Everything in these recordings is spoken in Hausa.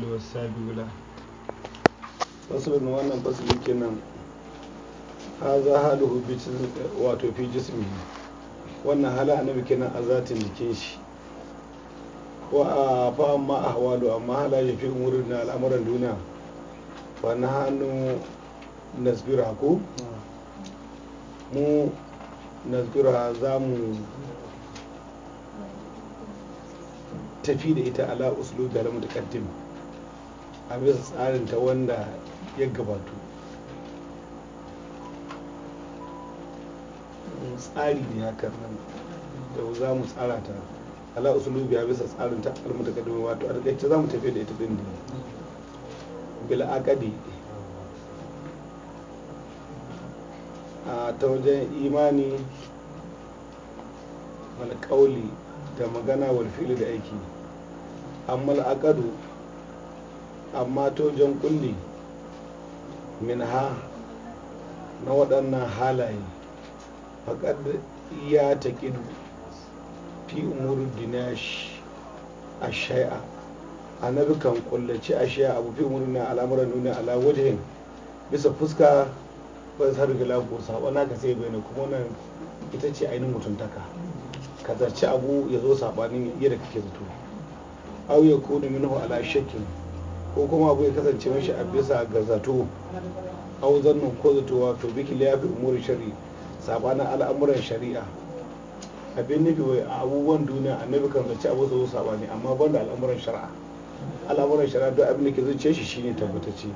al'awwal was sabiula fasalin wannan fasali kenan haza haluhu bi wato fi jismi wannan hala annabi kenan a zatin jikin shi wa a fa amma ahwalu amma halaye fi umurin na al'amuran duniya fa na hannu nasbira ko mu nazgura za mu tafi da ita ala uslubi al mutaqaddim a bisa tsarin ta wanda ya gabatu tsari ne haka nan da za mu tsara ta ala usulu biya bisa tsarin ta almutakaddima wato a takaice za mu tafi da ita din ne bil aqadi a ta wajen imani wani kauli da magana wal da aiki amma al amma tojon kulli ha na waɗannan halaye faƙad ya ta ƙidu fi umuru dinash a shai'a a annabi kan kullaci a shai'a abu fi umuru na al'amuran nuna ala wajen bisa fuska wani sa rigila ko saɓon ka sai bai kuma nan ita ce ainihin mutuntaka ka zarci abu ya zo saɓanin yadda kake zato au ya kone ala shakin ko kuma abu ya kasance mashi a bisa ga zato au zannin ko wa, to biki liyafi umuri shari'a sabanin al'amuran shari'a abin nufi wai a abubuwan duniya annabi kan zaci abu su sabani amma banda al'amuran shari'a al'amuran shari'a duk abin da ke zuciya shi shine tabbatacce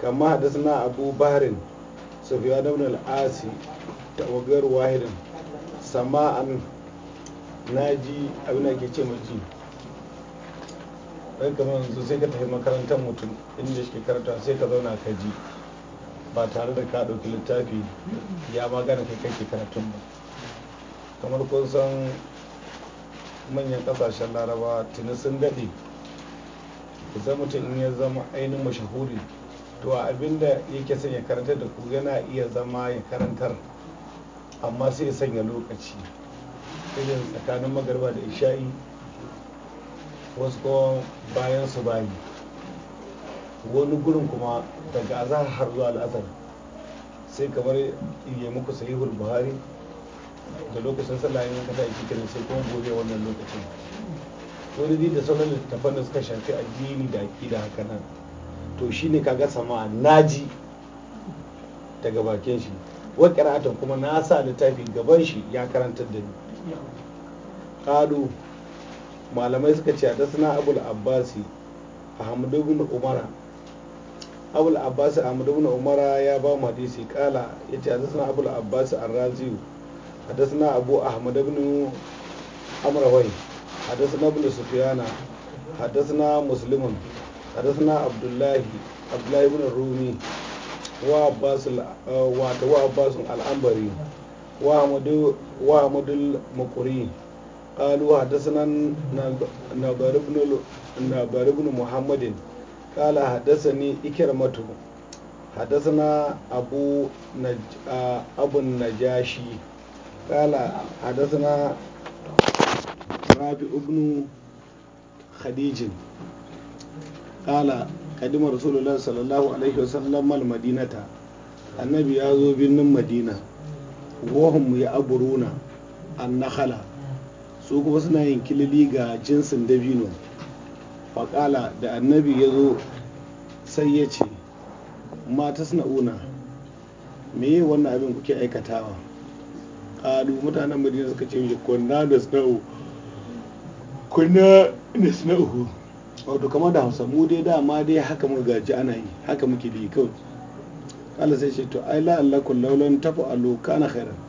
kama hadasna abu barin sufiya ibn al-asi ta wagar wahidin sama'an naji abin da ke ce maji wai kamar yanzu sai ka tafi makarantar mutum inda shi karanta sai ka zauna ka ji ba tare da ka ɗauki littafi ya magana kai kai karatun ba kamar kun san manyan ƙasashen laraba tuni sun daɗe kusan mutum in ya zama ainihin mashahuri to abinda yake son ya karantar da ku yana iya zama ya karantar amma sai ya sanya lokaci irin tsakanin magarba da isha'i wasu kuma bayan su bayi wani gurin kuma daga azahar har zuwa al'asar sai kamar iya muku sahihul buhari da lokacin sallah ne ka sai kiran sai kuma gobe wannan lokacin wani da sauran littattafan da suka shafi addini da aƙida haka nan to shi ne kaga sama ji daga bakin shi wa kuma na sa littafi gaban shi ya karantar da ni ƙalu malamai suka ce a suna abul abbasi a ibn umara abul abbasi ahmad ibn umara ya ba mu hadisi kala yace suna abul abbas ar-razi suna abu ahmad ibn amrawai a ibn suna hadathana Sufiyana a abdullahi abdullahi ibn rumi wa abbas Abdullahi abbas al-anbari wa Al'ambari wa ahmad al قالوا حدثنا نبر بن نبر بن محمد قال حدثني إكرمة حدثنا أبو نج... أبو النجاشي قال حدثنا رابع بن خديج قال قدم رسول الله صلى الله عليه وسلم المدينة النبي يزور بن مدينة وهم يعبرون النخله su kuma suna yin kilili ga jinsin dabino faƙala da annabi ya zo sai ya ce mata suna una meye wannan abin kuke aikatawa ƙalu mutanen madina suka ce mishi kunna da sana'u kunna da sana'u wato kamar da hausa mu dai dama dai haka muka gaji ana yi haka muke bi kawai Allah sai ce to ai la'allakun laulan tafi a kana khairan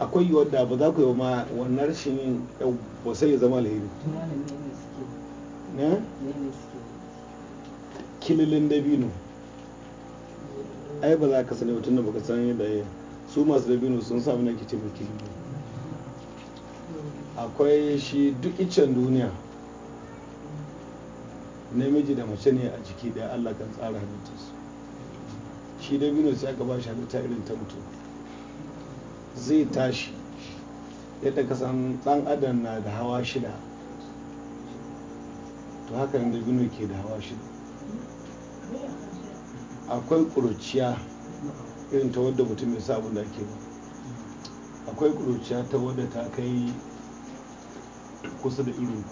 akwai yiwuwar da ba za ku yi ma wannan rashin yin ba sai ya zama alheri kililin dabino ai ba za ka sani mutum da baka san yadda ya su masu dabino sun sami na kicin da kililin akwai shi duk icen duniya namiji da mace ne a jiki da allah kan tsara halittarsu shi dabino sai aka ba shi halitta irin ta mutum zai tashi yadda ka san dan adam na da hawa shida to haka da gino ke da hawa shida akwai ƙuruciya irin ta wadda mutum ya sa abin da ake ba akwai ƙuruciya ta wadda ta kai kusa da irin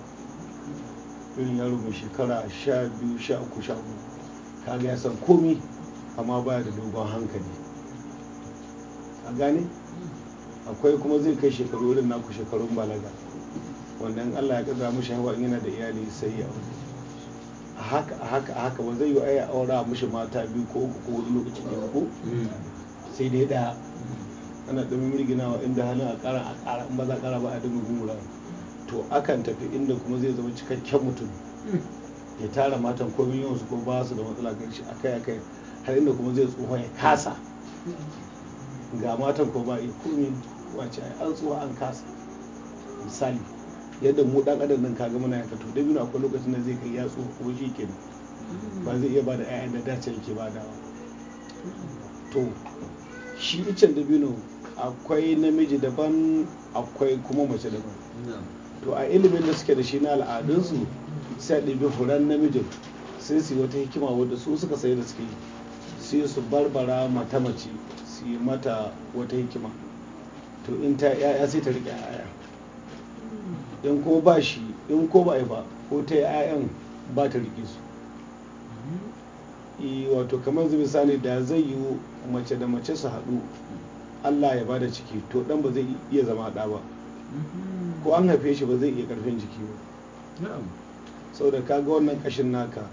irin yaro mai shekara sha biyu sha uku sha uku kaga ya san komi amma baya da dogon hankali gane akwai kuma zai kai shekaru wurin naku shekarun balaga wannan allah ya kaza mushi hawa yana da iyali sai ya a haka a haka haka ba zai yi aya aura mushi mata biyu ko uku ko wani lokaci ne ko sai dai da ana ɗumin mirginawa inda hannun a kara a kara in ba za a kara ba a ɗumin gumura to akan tafi inda kuma zai zama cikakken mutum ya tara matan ko su ko ba su da matsala kan shi akai akai har inda kuma zai tsohon ya kasa ga matan ko ba komi wace ai an tsuwa an kasa misali yadda mu dan adam nan kaga muna yanka to da biyu akwai lokacin da zai kai yatsu ko kuma shi kenan mm. ba zai iya ba da da dace yake ba dawa to shi icen da biyu akwai namiji daban akwai kuma mace daban to a ilimin da suke da shi na al'adunsu sai bi furan namijin sai su yi wata hikima wadda su suka sayi da suke sai su barbara mata mace su yi mata wata hikima to in ta yaya sai ta riƙe yaya in ko ba shi in ko ba ba ko ta yi yayan ba ta riƙe su eh, wato kamar zai misali da zai yi mace da mace su haɗu allah ya bada ciki to dan ba zai iya zama ɗa ba ko an haife shi ba zai iya ƙarfin jiki ba sau da kaga wannan ƙashin naka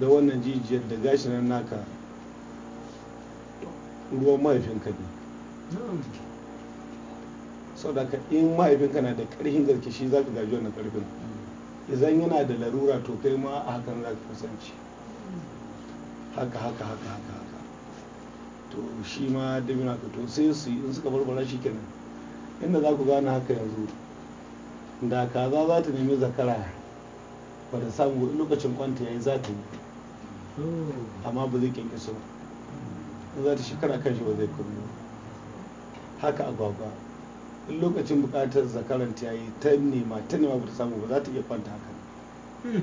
da wannan jijiyar da gashinan naka ruwan mahaifinka ne sau da ka in mahaifinka na da ƙarfin gaske shi za ka gaji wannan ƙarfin idan yana da larura to kai ma a hakan za ka kasance haka haka haka haka haka to shi ma dabin haka to sai su in suka barbara shi kenan inda za ku gane haka yanzu da kaza za ta nemi zakara ba da samu lokacin kwanta ya yi za ta yi amma ba zai kyanke su ba za ta shekara kan shi ba zai komi haka agwagwa in lokacin bukatar zakaran ta yi ta nema ta nema ba ta samu ba za ta iya kwanta haka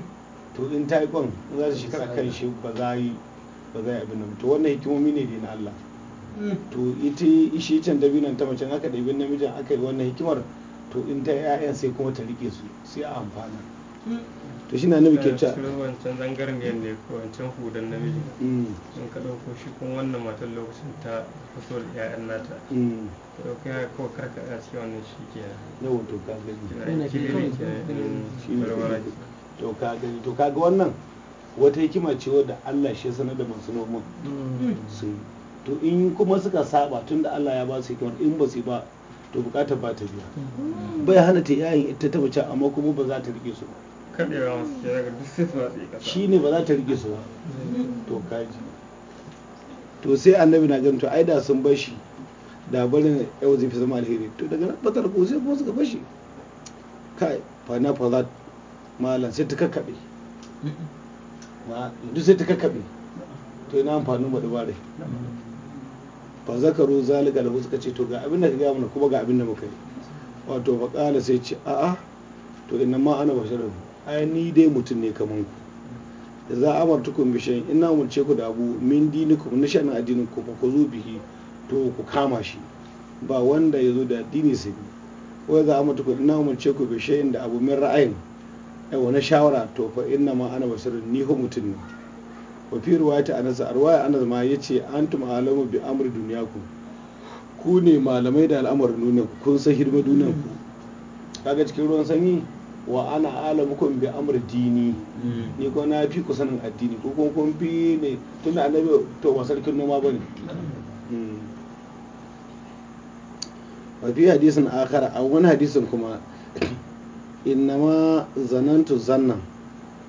to in ta yi kwan za ta shekara kan shi ba za yi ba za yi abin nan to wannan hikimomi ne da na Allah to ita ishi can binan ta mace aka ɗabi namijin aka yi wannan hikimar to in ta 'ya'yan sai kuma ta rike su sai a amfana to shi na nabi ke shi wancan zangarniyar ne ko wancan hudan namiji sun mm. ka ɗauko shi kun wannan matan lokacin ta fito da ƴaƴan nata mm. ka ɗauki ya ko karka a cikin wannan shi ke na to ka gani shi ne to ka gani to ka ga wannan wata hikima ce wadda Allah shi sanar da masu noman mm. su to in kuma suka saba tun da Allah ya ba su hikimar in ba su ba to bukatar ba ta biya bai hana ta yayin ita ta mace amma kuma ba za ta rike su ba kaɗewa su ke daga duk sai su ƙasa shi ne ba za ta rike su ba to kaji to sai annabi na ganin to ai da sun bar shi da barin yau zai fi zama alheri to daga nan batar ko sai kuma suka bashi kai fa na fa za malam sai ta kakkaɓe duk sai ta kakkaɓe to ina amfanin ba dubare fa zakaru zalika lahu suka ce to ga abin da ka gaya mana kuma ga abin da muka yi wato fa ƙala sai ce a'a to inna ma ana basharun ai ni dai mutum ne kamar ku za a amartukum bi shay'in ina umurce ku da abu min dinikum na sha'anin addinin ku ba ku zo bihi to ku kama shi ba wanda ya zo da addini sai bi ko za a amartukum ina umurce ku bi da abu min ra'ayin ai wani shawara to fa ina ma ana basirun ni ho mutum ne wa fi riwayata anas arwaya anas ma yace antum alamu bi amri duniya ku ne malamai da al'amarin duniya kun san hidima duniyar ku kaga cikin ruwan sanyi wa ana mukun bi amr dini hmm. ni ko na fi ku sanin addini ko kun kun fi ne da annabi to ba sarkin noma bane hmm. wa bi hadisin akhar a wani hadisin kuma innama zanantu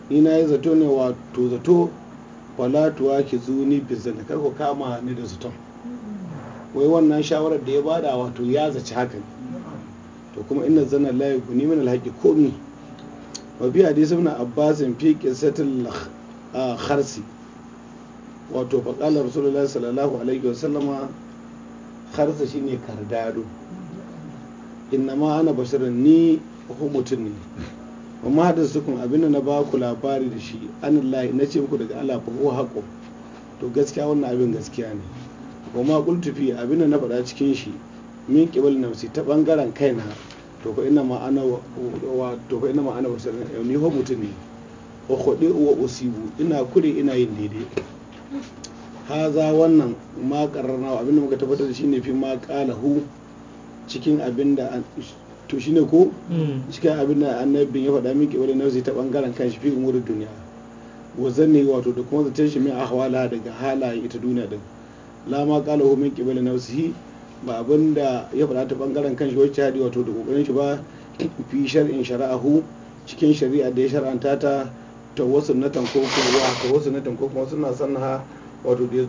Ni na yi zato ne wato zato falatuwa ki zuni zanna kar ku kama ni da zaton hmm. wai wannan shawarar da ya bada wato ya zaci haka ne to kuma inna zanna layi yughni min al-haqqi komi wa bi hadith ibn abbas fi qissatil kharsi wato fa qala rasulullahi sallallahu alaihi wa sallama kharsa shine kardado inna ma ana basharun ni ko mutum ne amma da sukun abinda na ba ku labari da shi an na ce muku daga Allah ko haƙo to gaskiya wannan abin gaskiya ne kuma kultufi abin abinda na faɗa cikin shi min qibal nafsi ta bangaren kaina to ko ina ma'ana wa to ko ina ma ana wasu eh, ni ho mutum ne wa khudi wa usibu ina kure ina yin daidai haza wannan ma karrana abinda muka tabbatar da shine fi ma qalahu cikin abinda to shine ko mm. cikin abinda annabin ya faɗa min qibal nafsi ta bangaren kanshi fi umurin duniya wa zanni wato da kuma zaton shi min ahwala daga halaye ita duniya din la ma qalahu min qibal nafsihi ba abin da ya faɗa ta bangaren kan shi wacce hadi wato da kokarin shi ba fi shar'in shara'ahu cikin shari'a da ya shar'anta ta ta wasu na tankokun wa ta wasu na tankokun wasu na ha wato da ya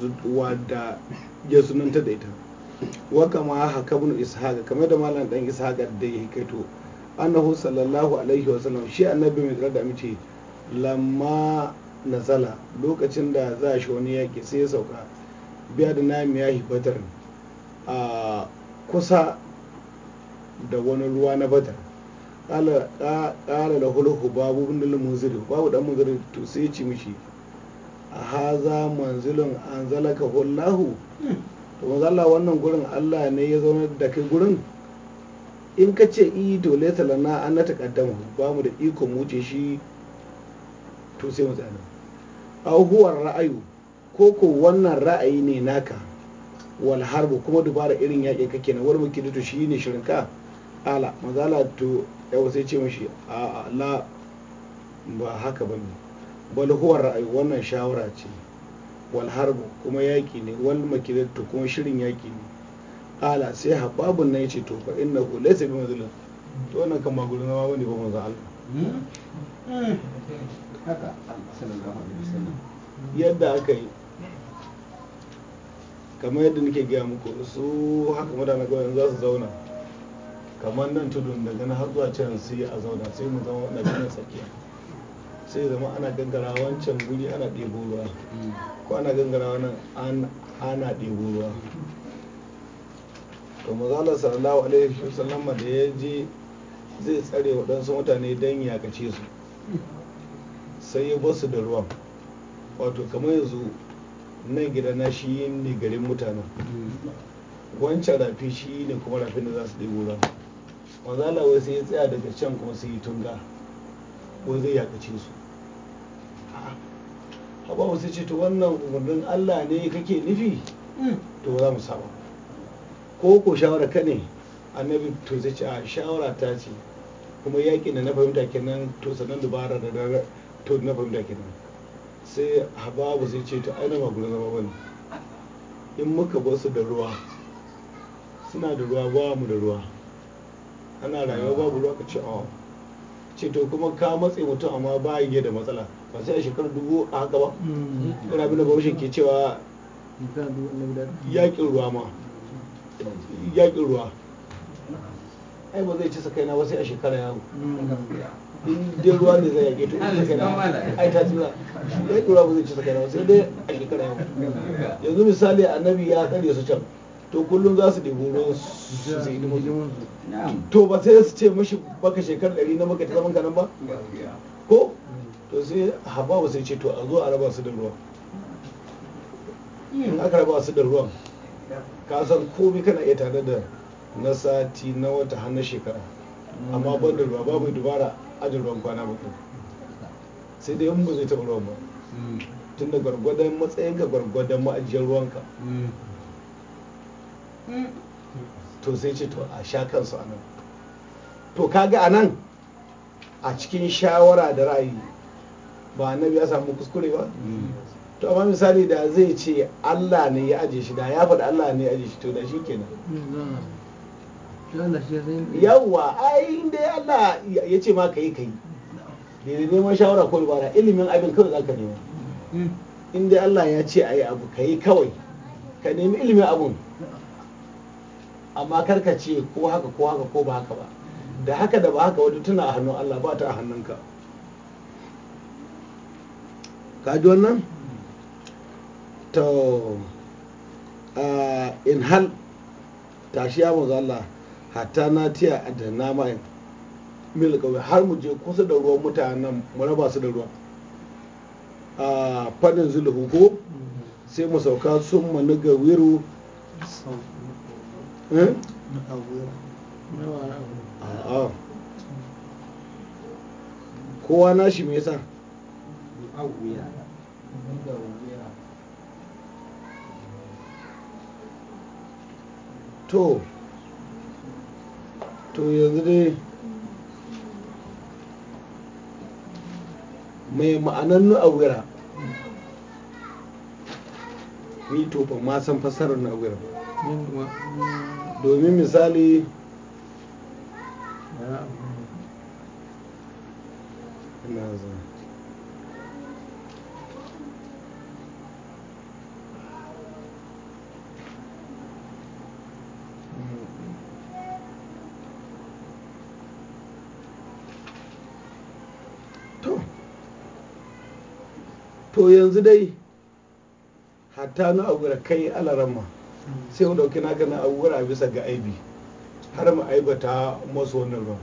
da ya sunanta da ita wa kama haka bin ishaqa kamar da malam dan ishaqa da ya kaito. annahu sallallahu alaihi wa sallam shi annabi mai tsara da amince lamma nazala lokacin da za shi wani yaki sai ya sauka biya da na ya hibatar a kusa da wani ruwa na badar ƙara da hulhu babu bin munziri babu dan munziri to sai ci mishi a haza manzilin an zalaka hullahu to manzala wannan gurin allah ne ya zaunar da kai gurin in ka ce i dole talana an na taƙaddama ba mu da ikon wuce shi to sai mu tsaya a huwar ra'ayu ko ko wannan ra'ayi ne naka wal harbu kuma dubara irin yaƙi kake na warmu dutu shi ne shirin ka ala mazala to yawa sai ce mashi a la ba haka ba ne bal huwa ra'ayi wannan shawara ce wal harbu kuma yaƙi ne wal makidatu kuma shirin yaƙi ne ala sai hababun nan yace to fa innahu laysa bi mazlum to wannan kan magurin ma bane ba manzo Allah hmm? Hmm. haka sallallahu alaihi wasallam yadda aka yi kamar yadda nake gaya muku su haka mutanen ƙauyen za su zauna kamar nan tudun daga na har zuwa can sai a zauna sai mu zama na gina tsakiya sai zama ana gangara wancan guri ana ɗebo ruwa ko ana gangara wannan ana ɗebo ruwa to mazala sallallahu alaihi wasallam da ya je zai tsare waɗansu mutane don yakace su sai ya basu da ruwan wato kamar yanzu nan gida na shi ne garin mutanen wancan rafi shi ne kuma rafin da za su ɗigo ba mazala wai sai ya tsaya daga can kuma sai yi tunga ko zai ce su haɓa wasu ce to wannan umarnin allah ne kake nufi mm. to za mu saba ko ko shawara ka ne annabi to zai ce a shawara ta ce kuma yaƙi da na fahimta kenan to sannan dubara da to na fahimta kenan sai hababu zai ce ta aina ba gurin zama bane in muka ba su da ruwa suna da ruwa ba mu da ruwa ana rayuwa ah. babu ruwa ka ce a oh. ce to kuma ka matse mutum amma ba yi da matsala ba sai a shekarar dubu a haka ba mm. ina abin da bahaushe ke cewa yakin ruwa ma yakin ruwa ai ba zai ci sakaina ba sai a shekara ya in dai a shekara yanzu misali annabi ya tsare su can to kullum za su ɗebo ruwan su su to ba sai su ce mashi baka ɗari na maka ta ba ko to sai ba sai ce to a zo a raba su da ruwan in aka raba su da ruwan ka san komai kana iya tare da na sati na wata har na shekara amma ban da ruwa babu dubara ajin ruwan kwana bakwai sai dai in ba zai taɓa ruwan ba hmm. tun da gwargwadon matsayin ka gwargwadon ma'ajiyar ruwanka hmm. to sai ce to a sha kansu a nan to kaga a nan a cikin shawara da ra'ayi ba annabi ya samu kuskure ba hmm. to amma misali da zai ce Allah ne ya aje shi da ya faɗi Allah ne ya aje shi to da shi kenan yawwa ai dai Allah ya ce ma kai kai daidai neman shawara ko dubara ilimin abin kawai zaka nema hmm. inda Allah ya ce yi abu kai kawai ka nemi ilimin abun amma karka ce ko haka ko haka ko ba haka ba da haka da ba haka wata tuna a hannun Allah ba ta a hannunka ka ji wannan to ah, in hal tashi ya manzo Allah Hata na tiya da mai mil kawai har mu je kusa da ruwan mutanen mu raba su da ruwa a fadin zulhu ko sai mu sauka sun mu niga wiru eh? Eh? kowa shi me yasa to to yanzu dai mai ma'anannu a wura ni to ban ma san fasarar na wura domin misali na zai to yanzu dai hatta na agura kai alarama sai ku ɗauki naka na agura bisa ga aibi har mu aibata masu wannan ruwan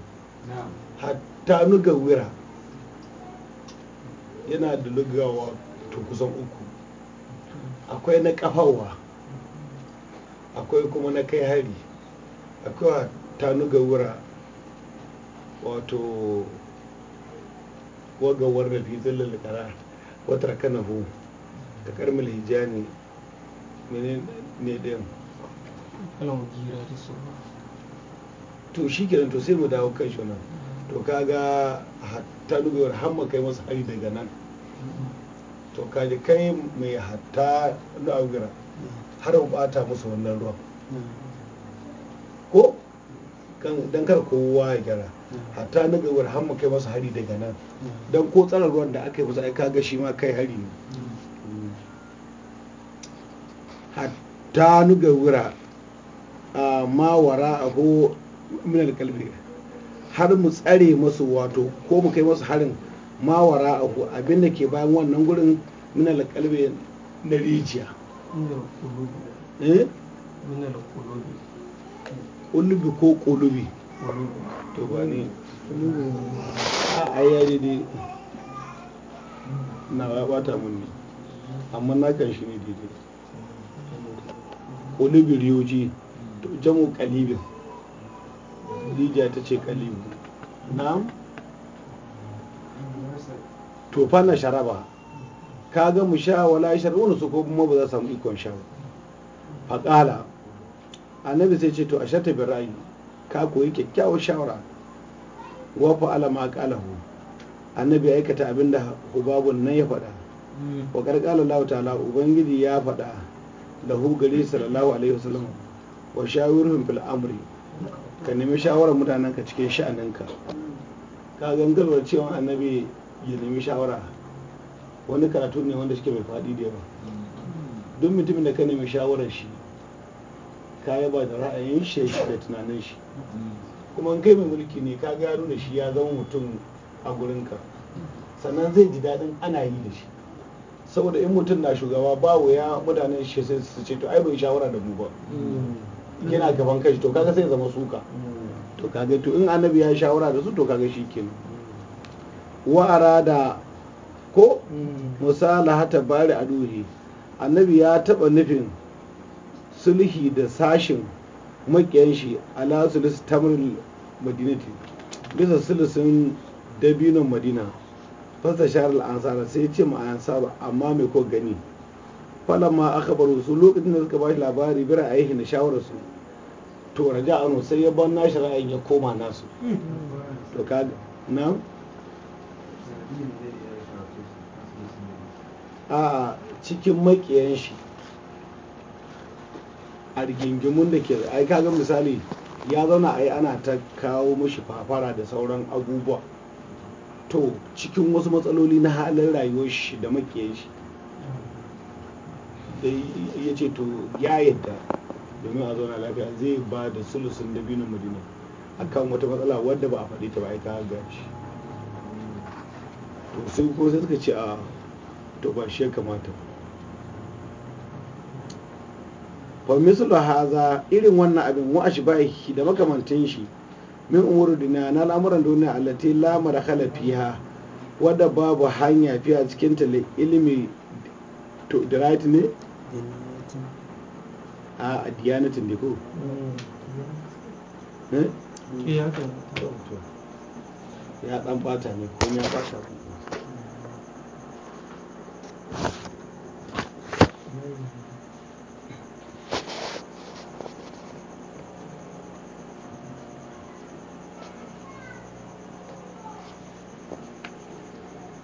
hatta nu ga wira yana da lugawa to kusan uku akwai na kafawa akwai kuma na kai hari akwai hatta nu ga wira wato wagawar da fi karar wata na ta karmil hijani mene ne ɗin to shi kenan to sai mu dawo kan shi nan to kaga hatta dubewar hamma kai masu hari daga nan to kaji kai mai hatta na agira mm. har bata musu wannan ruwan mm. ko don kar kowa ya gyara hmm. hatta na gawar har mu kai masa hari daga nan hmm. don ko tsarar ruwan da aka yi masa ai ga shi ma kai hari ne hmm. hatta na wura a mawara a ko minal kalbi har mu tsare masu wato ko mu kai masu harin mawara a ko abin da ke bayan wannan gurin minal kalbi na rijiya ƙulubi ko kulubi to ba ne a ayya dai na ya bata mun ne amma na kan shi ne daidai kulubi riyoji to jamu kalibin rijiya ta ce kalibu na to fa na sharaba ka ga mu sha wala shar'una su ko kuma ba za su samu ikon sha ba faqala annabi sai ce to a shata bi ra'ayi ka koyi kyakkyawar shawara wa fa alama kalahu annabi ya aikata abin da hubabun nan ya faɗa hmm. wa ƙarƙalar Allah ta'ala ubangiji ya faɗa lahu gari sallallahu alaihi wasallam wa shawirhum fil amri ka nemi shawarar mutanen ka cikin sha'aninka ka gangarwa cewa annabi ya nemi shawara wani karatu ne wanda ke mai faɗi da yawa hmm. duk mutumin da ka nemi shawarar shi ka ba da ra'ayin shi da tunanin shi mm. kuma kai mai mulki ne ka gano da shi ya zama mutum a gurinka sannan zai ji daɗin ana yi da shi saboda in mutum na shugaba ba wuya mutanen shi sai su ce to ai bai shawara da mu ba mm. yana gaban kai to kaga sai zama suka mm. to kaga to in annabi ya shawara da su to kaga shi kenan wa arada ko musala hata bari aduhi annabi ya taba nufin sulhi da sashin makiyan shi ala sulus tamrul madinati bisa sulusun dabinon madina fasa sharar ansara sai ce ma ansara amma mai ko gani falama aka baro su lokacin da suka ba shi labari bira a yi na shawararsu to raja anu sai ya ban nashi ra'ayin ya koma nasu to ka na a cikin makiyan shi a rigingimun da ke ai kaga misali ya zauna ai ana ta kawo mashi fafara da sauran abubuwa to cikin wasu matsaloli na halin rayuwar shi da makiyan shi ya ce to ya yadda domin a zauna lafiya zai ba da sulusun dabinin madina akan wata matsala wadda ba a faɗi ta ba ai kaga shi to sai ko sai suka ce a to ba shi ya kamata ba fa mislu haza irin wannan abin wa ashbahi da makamantin shi min umuru dunya na al'amuran duniya allati la marhala fiha wadda babu hanya fiya cikin ta ilimi to da right ne a diyanatin ne ko mm. eh? Eh, ya dan bata ne ko ya bata ne mm.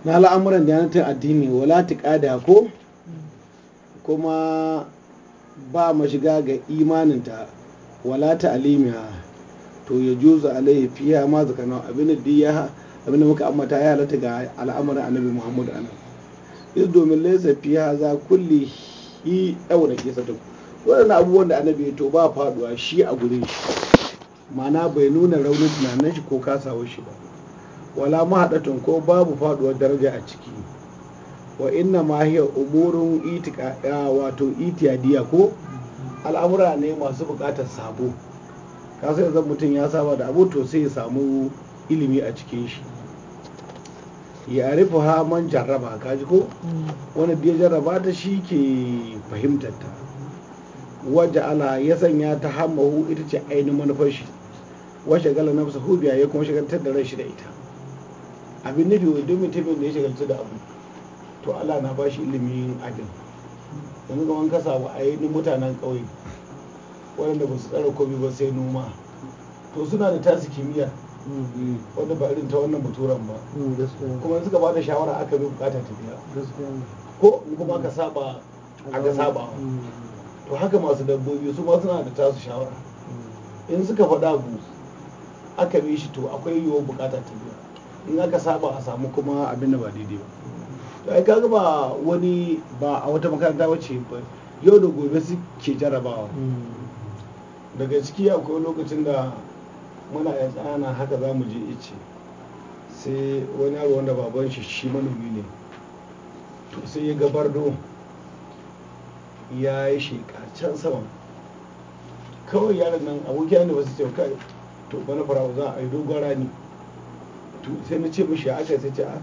na al'amuran yanatar addini wala tuƙada ko kuma ba mashiga ga imaninta wala ta'alimiha to ya juzu alaihi fiha ma zakana abin da ya abin da muka ammata ya halatta ga al'amuran annabi muhammadu anan is domin laisa fiya za kulli hi yau da ke sata wadanda abubuwan da annabi ya to ba faduwa shi a gurin shi ma'ana bai nuna raunin tunanin shi ko kasawar shi ba wala mahaɗatun ko babu faɗuwar daraja a ciki wa inna ma hiya umurun itika wato itiyadiya ko al'amura ne masu bukatar sabo ka sai zan mutum ya saba da abu to sai ya samu ilimi a cikin shi ya rufe ha man jarraba kaji ko wani da jarraba ta shi ke fahimtar ta wajen ala ya sanya ta hamahu ita ce ainihin manufar shi washe gala fasa hubiya ya kuma shigantar da ran shi da ita abin nufi wa domin tafiyar da ya shagaltu da abu to Allah na bashi ilimin abin yanzu kaman a yi ainihin mutanen ƙauye waɗanda ba su tsara komi ba sai noma to suna da tasi kimiyya wanda ba irin ta wannan baturan ba kuma suka ba da shawara aka bi bukata tafiya. ko kuma ka saba aka saba to haka masu dabbobi su ma suna da tasu shawara in suka faɗa abu aka bi shi to akwai yiwuwar bukata tafiya. in aka saba a samu kuma abin da ba daidai ba to ai kaga ba wani ba a wata makaranta wacce yau da gobe suke jarabawa daga ciki akwai lokacin da muna ya tsana haka za mu je ice sai wani yaro wanda baban shi shi manomi ne to sai ya Bardo ya yi sheka sama kawai yaron nan abokiya ne wasu ce kai to bana farawa za a yi dogon rani sai na ce mishi aka sai ce a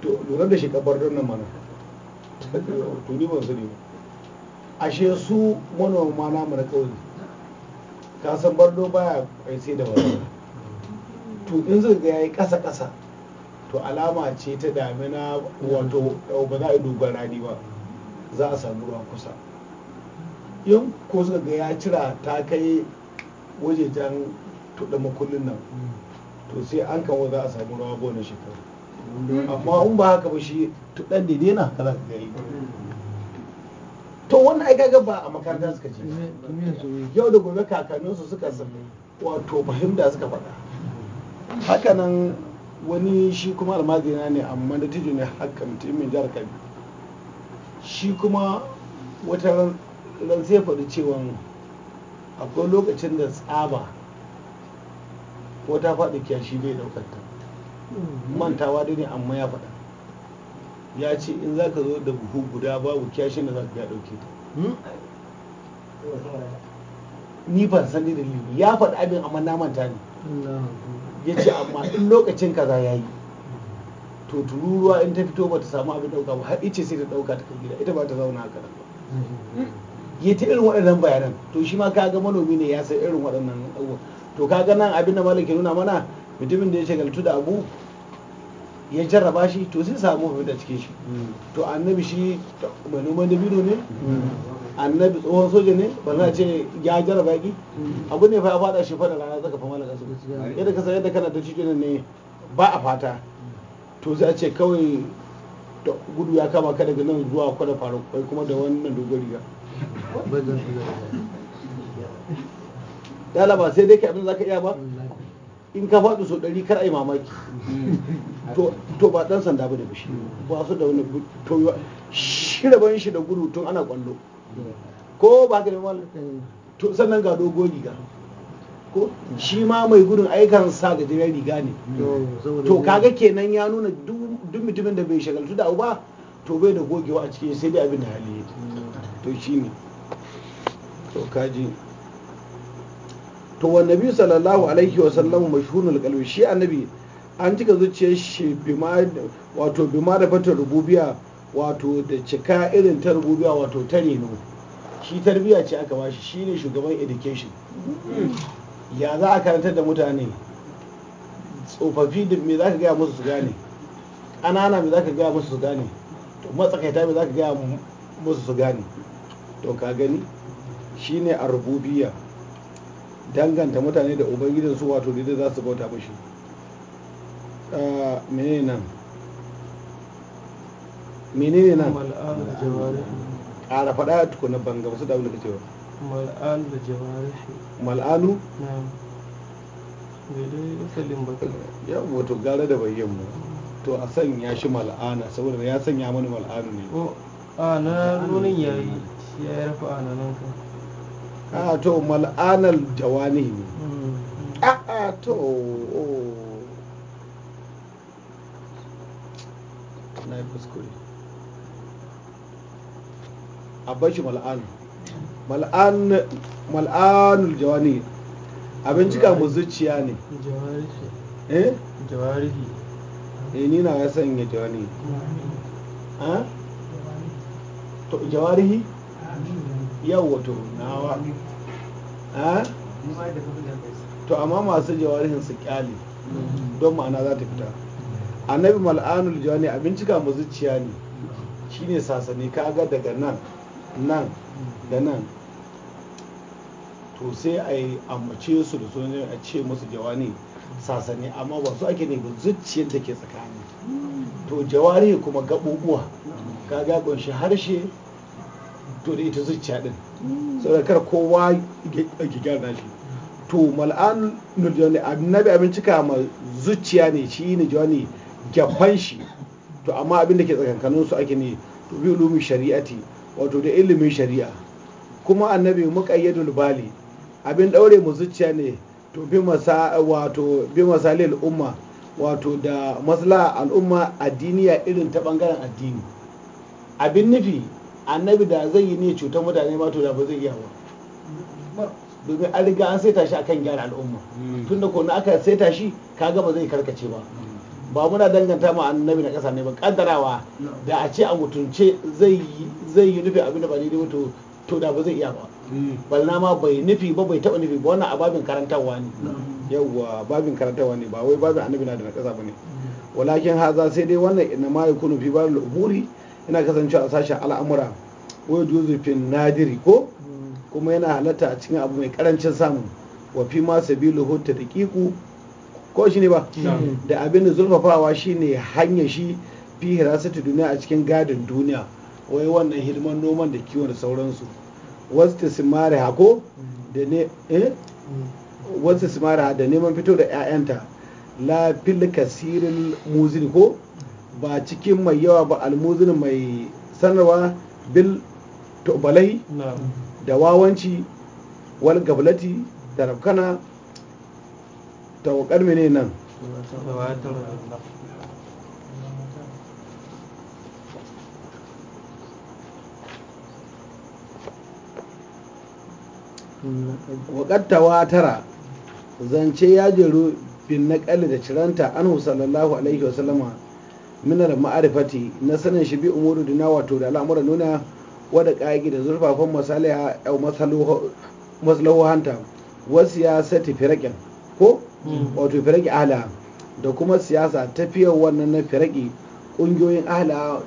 to lura da shi kabar don nan mana to ni ban sani ashe su manoma namu na kauye ka san bardo baya kai sai da wani to in zan ga yayi kasa kasa to alama ce ta damina wato ba za a yi dogon rani ba za a samu ruwa kusa Yin ko suka ga ya cira ta kai wajejen tuɗa makullin nan to sai an kawo za a samu rawa bonin shekaru mm. amma in ba haka ba shi tuɗan daidai na kaza ga yi to wannan ai kaga ba a makaranta suka ce yau da gobe su suka wato fahimta suka faɗa hakanan wani shi kuma almajirina ne amma da tijo ne haka mutumin jihar kabi shi kuma wata ran zai faɗi cewa akwai lokacin da tsaba ko ta faɗi shi bai ɗaukar ta mantawa dai ne amma ya faɗa ya ce in za ka zo da buhu guda babu kyashin da za ka biya ɗauke ta hmm? ni ban san dalili ya faɗi abin amma na manta ne ya ce amma in lokacin kaza ya yi to tururuwa in ta fito ba ta samu abin ɗauka ba har ice sai ta ɗauka ta kan gida ita ba ta zauna haka nan ba hmm. ya ta irin waɗannan bayanan to shi ma ga manomi ne ya san irin waɗannan abubuwan to kaga nan abin da malam ke nuna mana mutumin da ya shagaltu da abu ya jarraba shi to sai samu da cikin shi hmm. to annabi shi mai noman dabino ne hmm. annabi tsohon soja ne ba ce ya jarraba ki hmm. abu ne fa ya fada shi fada rana zaka fa malaka su yadda ka san yadda kana ta cikin ne ba a fata to sai a ce kawai gudu ya kama ka daga nan zuwa kwada faru kuma da wannan dogon riga dala ba sai dai ka abin da zaka iya ba in ka faɗi so ɗari kar ai mamaki mm. to ba ɗan sanda ba da bishi ba su da wani to da shi da gudu tun ana kwallo ko ba ka da to sannan ga dogo riga ko shi ma mai gudun aikan sa da jiran riga ne to kaga kenan ya nuna duk mutumin da bai shagaltu da ba to bai da gogewa a cikin sai dai abin da hali mm. to shine to kaji to wa nabi sallallahu alaihi wa sallam mashhurul qalbi shi annabi an cika zuciyar shi bima wato bima da fata rububiya wato da cika irin ta rububiya wato ta reno shi tarbiya ce aka bashi shi ne shugaban education ya za a karantar da mutane tsofaffi da me za ka gaya musu su gane ƙanana me za ka gaya musu su gane to matsakaita me za ka gaya musu su gane to ka gani shine a rububiya danganta mutane da ubangijin su wato da za su bauta mashi ah, menene nan menene nan ƙara faɗa tukunan banga wasu da abin da ka cewa mal'an da jawarihi mal'anu na'am ya wato gara da bayyan mu to a sanya shi mal'ana saboda ya sanya mani mal'anu ne a na nunin yayi ya rafa a nan kan a ah, to mal'anal jawani ne hmm. a ah, ah, to oh. na yi kuskure a shi mal'an mal'anul jawani abinci ga mu zuciya ne eh jawarihi eh ni na sanya jawani a jawarihi yau wato nawa to amma masu jawarihin su kyale don ma'ana za ta fita annabi mal'anul jawani abinci ka mu zuciya ne shine sasane kaga daga nan nan da nan to sai a yi ambace su da sunan a ce musu jawani sasane amma ba su ake ne ba zuciyar da ke tsakani to jawari kuma gaɓuɓuwa ka ga kunshi harshe to da ita zuciya din mm. saboda kar kowa ya gyara shi to mal'an nurjani annabi abin cika ma zuciya ne shi ne jawani shi to amma abin da ke tsakankanin su ake ne to bi ulumin shari'ati wato da ilimin shari'a kuma annabi muqayyadul bali abin daure mu zuciya ne to bi masa wato bi masalil umma wato da maslaha al'umma addiniya irin ta bangaren addini abin nufi annabi da zai yi ne cutar mutane ma to da ba zai yi ba domin an riga an saita shi akan gyara al'umma hmm. tun da kone aka saita shi kaga ba zai karkace ba ba muna danganta ma annabi na ƙasa ne ba kaddarawa da a ce a mutunce zai yi nufi abin da ba daidai ba to da ba zai iya ba hmm. balna ma bai nufi ba bai taɓa nufi ba wannan a babin karantarwa ne hmm. yawwa babin karantarwa ne ba wai babin annabi na da na ƙasa ba ne walakin haza sai dai wannan inna ma yakunu fi babil umuri yana kasancewa a sashen al'amura wa juzufin nadiri ko kuma yana halatta a cikin abu mai karancin samu wa fi ma sabilu da kiku ko shi ne ba da abin da zurfafawa shi ne hanya shi fi hirasatu duniya a cikin gadin duniya wai wannan hidiman noman da kiwon sauransu wasu simari hako eh? mm. da neman fito da 'ya'yanta la fil kasirin muzin ko ba cikin mai yawa ba almuzin mai sanarwa bil tobalai da wawanci wal gablati da rafkana tawakar mene nan wa tara zance ya jeru bin naƙali da ciranta anhu lallahu alaihi wasallama minar ma'arifati na sanin shi bi umuru na wato da al'amuran nuna wadda ƙa'igi da zurfafan masaliha au maslahohanta wasu siyasati firakin ko mm. wato firaki ahla da kuma siyasa tafiyar wannan na firaki ƙungiyoyin ahla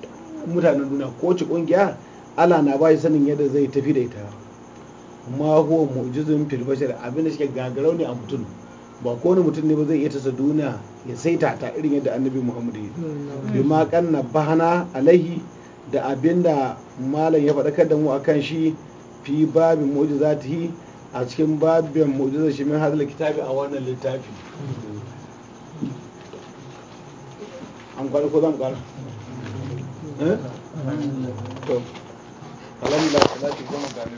mutanen ko ci ƙungiya ala na ba shi sanin yadda zai tafi da ita ma huwa mu'jizun fil abin da shi gagarau ne a mutum ba kowane mutum ne ba zai iya tasa duniya ya saita ta irin yadda annabi muhammad ya bi ma na bahana alaihi da abinda malam ya faɗakar da mu a kan shi fi babin yi a cikin babin mu'jizar shi min hadal kitabi a wannan littafi an kwari ko zan kwana eh? to alhamdulillah salatu goma